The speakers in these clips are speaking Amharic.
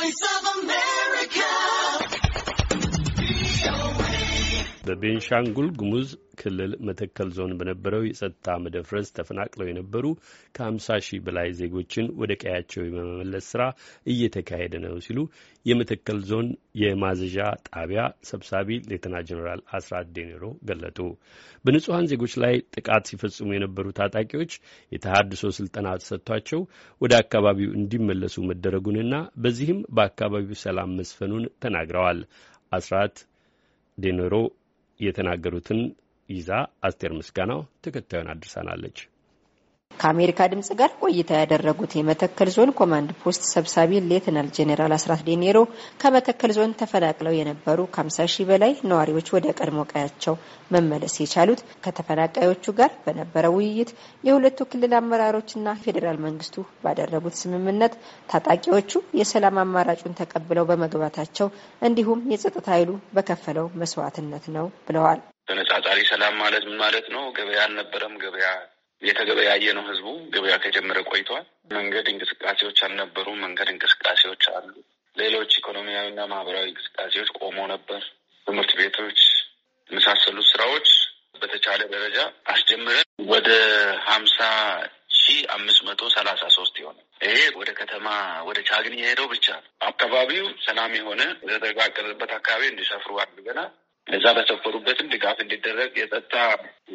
voice of በቤንሻንጉል ጉሙዝ ክልል መተከል ዞን በነበረው የጸጥታ መደፍረስ ተፈናቅለው የነበሩ ከ50 ሺህ በላይ ዜጎችን ወደ ቀያቸው የመመለስ ስራ እየተካሄደ ነው ሲሉ የመተከል ዞን የማዘዣ ጣቢያ ሰብሳቢ ሌተና ጀኔራል አስራት ዴኔሮ ገለጡ። በንጹሐን ዜጎች ላይ ጥቃት ሲፈጽሙ የነበሩ ታጣቂዎች የተሃድሶ ስልጠና ተሰጥቷቸው ወደ አካባቢው እንዲመለሱ መደረጉንና በዚህም በአካባቢው ሰላም መስፈኑን ተናግረዋል። አስራት ዴኔሮ የተናገሩትን ይዛ አስቴር ምስጋናው ተከታዩን አድርሳናለች። ከአሜሪካ ድምጽ ጋር ቆይታ ያደረጉት የመተከል ዞን ኮማንድ ፖስት ሰብሳቢ ሌትናል ጄኔራል አስራት ዴኔሮ ከመተከል ዞን ተፈናቅለው የነበሩ ከ50 ሺህ በላይ ነዋሪዎች ወደ ቀድሞ ቀያቸው መመለስ የቻሉት ከተፈናቃዮቹ ጋር በነበረው ውይይት የሁለቱ ክልል አመራሮችና ፌዴራል መንግስቱ ባደረጉት ስምምነት ታጣቂዎቹ የሰላም አማራጩን ተቀብለው በመግባታቸው እንዲሁም የጸጥታ ኃይሉ በከፈለው መስዋዕትነት ነው ብለዋል። ተነጻጻሪ ሰላም ማለት ምን ማለት ነው? ገበያ አልነበረም። ገበያ የተገበያየ ነው። ህዝቡ ገበያ ከጀመረ ቆይተዋል። መንገድ እንቅስቃሴዎች አልነበሩም። መንገድ እንቅስቃሴዎች አሉ። ሌሎች ኢኮኖሚያዊና ማህበራዊ እንቅስቃሴዎች ቆሞ ነበር። ትምህርት ቤቶች የመሳሰሉት ስራዎች በተቻለ ደረጃ አስጀምረን ወደ ሀምሳ ሺህ አምስት መቶ ሰላሳ ሶስት የሆነ ይሄ ወደ ከተማ ወደ ቻግኒ የሄደው ብቻ ነው። አካባቢው ሰላም የሆነ የተረጋገጠበት አካባቢ እንዲሰፍሩ አድርገናል። እዛ በሰፈሩበትም ድጋፍ እንዲደረግ የጸጥታ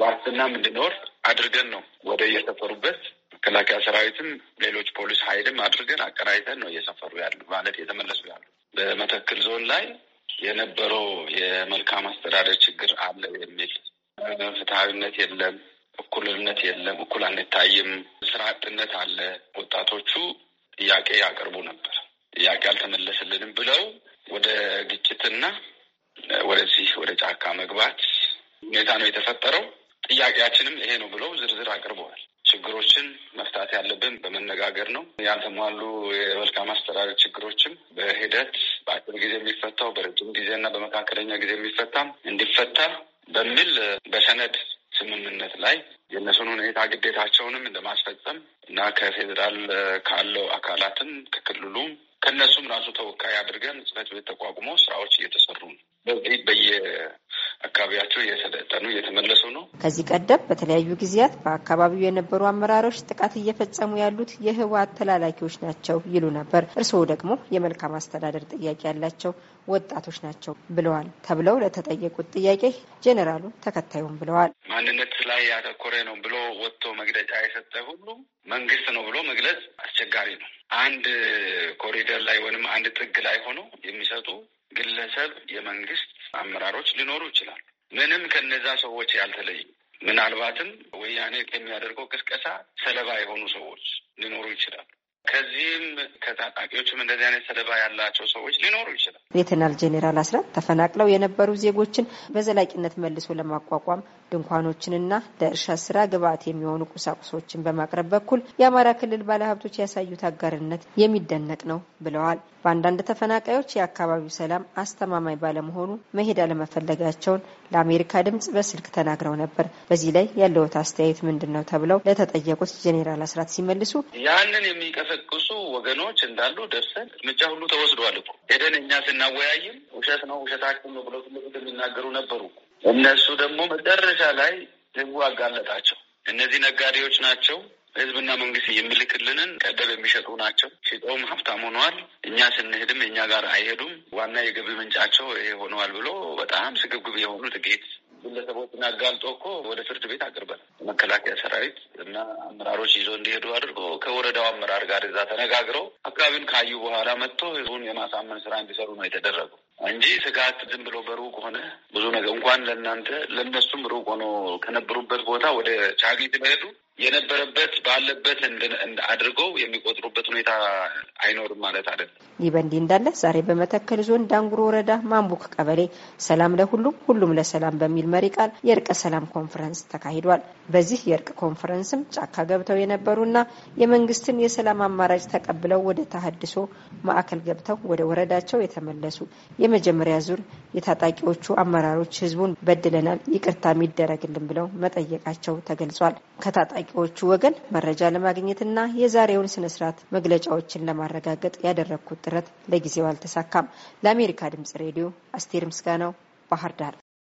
ዋስትና እንዲኖር አድርገን ነው ወደ እየሰፈሩበት መከላከያ ሰራዊትም ሌሎች ፖሊስ ኃይልም አድርገን አቀናይተን ነው እየሰፈሩ ያሉ ማለት የተመለሱ ያሉ። በመተክል ዞን ላይ የነበረው የመልካም አስተዳደር ችግር አለ የሚል ፍትሐዊነት የለም፣ እኩልነት የለም፣ እኩል አንታይም፣ ስራ አጥነት አለ። ወጣቶቹ ጥያቄ ያቀርቡ ነበር። ጥያቄ አልተመለስልንም ብለው ወደ ግጭትና ወደዚህ ወደ ጫካ መግባት ሁኔታ ነው የተፈጠረው። ጥያቄያችንም ይሄ ነው ብለው ዝርዝር አቅርበዋል። ችግሮችን መፍታት ያለብን በመነጋገር ነው። ያልተሟሉ የመልካም አስተዳደር ችግሮችም በሂደት በአጭር ጊዜ የሚፈታው በረጅም ጊዜና በመካከለኛ ጊዜ የሚፈታም እንዲፈታ በሚል በሰነድ ስምምነት ላይ የእነሱን ሁኔታ ግዴታቸውንም እንደማስፈጸም እና ከፌዴራል ካለው አካላትም ከክልሉም ከእነሱም ራሱ ተወካይ አድርገን ጽሕፈት ቤት ተቋቁሞ ስራዎች እየተሰሩ ነው። በዚህ በየ ከአካባቢያቸው እየሰለጠኑ እየተመለሱ ነው። ከዚህ ቀደም በተለያዩ ጊዜያት በአካባቢው የነበሩ አመራሮች ጥቃት እየፈጸሙ ያሉት የህወሓት ተላላኪዎች ናቸው ይሉ ነበር። እርስዎ ደግሞ የመልካም አስተዳደር ጥያቄ ያላቸው ወጣቶች ናቸው ብለዋል ተብለው ለተጠየቁት ጥያቄ ጄኔራሉ ተከታዩም ብለዋል። ማንነት ላይ ያተኮረ ነው ብሎ ወጥቶ መግለጫ የሰጠ ሁሉ መንግስት ነው ብሎ መግለጽ አስቸጋሪ ነው። አንድ ኮሪደር ላይ ወይም አንድ ጥግ ላይ ሆኖ የሚሰጡ ግለሰብ የመንግስት አመራሮች ሊኖሩ ይችላሉ። ምንም ከነዛ ሰዎች ያልተለዩ ምናልባትም ወያኔ ከሚያደርገው ቅስቀሳ ሰለባ የሆኑ ሰዎች ሊኖሩ ይችላል። ከዚህም ከታጣቂዎችም እንደዚህ አይነት ሰለባ ያላቸው ሰዎች ሊኖሩ ይችላል። ሌተናል ጄኔራል አስራት ተፈናቅለው የነበሩ ዜጎችን በዘላቂነት መልሶ ለማቋቋም ድንኳኖችንና ለእርሻ ስራ ግብዓት የሚሆኑ ቁሳቁሶችን በማቅረብ በኩል የአማራ ክልል ባለሀብቶች ያሳዩት አጋርነት የሚደነቅ ነው ብለዋል። በአንዳንድ ተፈናቃዮች የአካባቢው ሰላም አስተማማኝ ባለመሆኑ መሄድ አለመፈለጋቸውን ለአሜሪካ ድምጽ በስልክ ተናግረው ነበር። በዚህ ላይ ያለዎት አስተያየት ምንድን ነው ተብለው ለተጠየቁት ጄኔራል አስራት ሲመልሱ ያንን የሚቀፍ የሚቀሰቅሱ ወገኖች እንዳሉ ደርሰን እርምጃ ሁሉ ተወስዷል እኮ ሄደን እኛ ስናወያይም ውሸት ነው ውሸታችን ነው ብለው ፊት የሚናገሩ ነበሩ። እነሱ ደግሞ መጨረሻ ላይ ህዝቡ አጋለጣቸው። እነዚህ ነጋዴዎች ናቸው ህዝብና መንግስት የሚልክልንን ቀደብ የሚሸጡ ናቸው። ሽጠውም ሀብታም ሆነዋል። እኛ ስንሄድም እኛ ጋር አይሄዱም። ዋና የገቢ ምንጫቸው ይሄ ሆነዋል ብሎ በጣም ስግብግብ የሆኑ ጥቂት ግለሰቦችን አጋልጦ እኮ ወደ ፍርድ ቤት አቅርበን መከላከያ ሰራዊት እና አመራሮች ይዞ እንዲሄዱ አድርጎ ከወረዳው አመራር ጋር እዛ ተነጋግረው አካባቢውን ካዩ በኋላ መጥቶ ህዝቡን የማሳመን ስራ እንዲሰሩ ነው የተደረገው እንጂ ስጋት ዝም ብሎ በሩቅ ሆነ ብዙ ነገር እንኳን ለእናንተ ለእነሱም ሩቅ ሆኖ ከነበሩበት ቦታ ወደ ቻጊ መሄዱ የነበረበት ባለበት አድርገው የሚቆጥሩበት ሁኔታ አይኖርም ማለት አይደለም። ይህ በእንዲህ እንዳለ ዛሬ በመተከል ዞን ዳንጉሮ ወረዳ ማንቡክ ቀበሌ ሰላም ለሁሉም ሁሉም ለሰላም በሚል መሪ ቃል የእርቀ ሰላም ኮንፈረንስ ተካሂዷል። በዚህ የእርቅ ኮንፈረንስም ጫካ ገብተው የነበሩና የመንግስትን የሰላም አማራጭ ተቀብለው ወደ ተሀድሶ ማዕከል ገብተው ወደ ወረዳቸው የተመለሱ የመጀመሪያ ዙር የታጣቂዎቹ አመራሮች ህዝቡን በድለናል፣ ይቅርታ የሚደረግልን ብለው መጠየቃቸው ተገልጿል። ከታጣቂዎቹ ወገን መረጃ ለማግኘትና የዛሬውን ስነስርዓት መግለጫዎችን ለማረጋገጥ ያደረግኩት ጥረት ለጊዜው አልተሳካም። ለአሜሪካ ድምጽ ሬዲዮ አስቴር ምስጋናው ባህር ዳር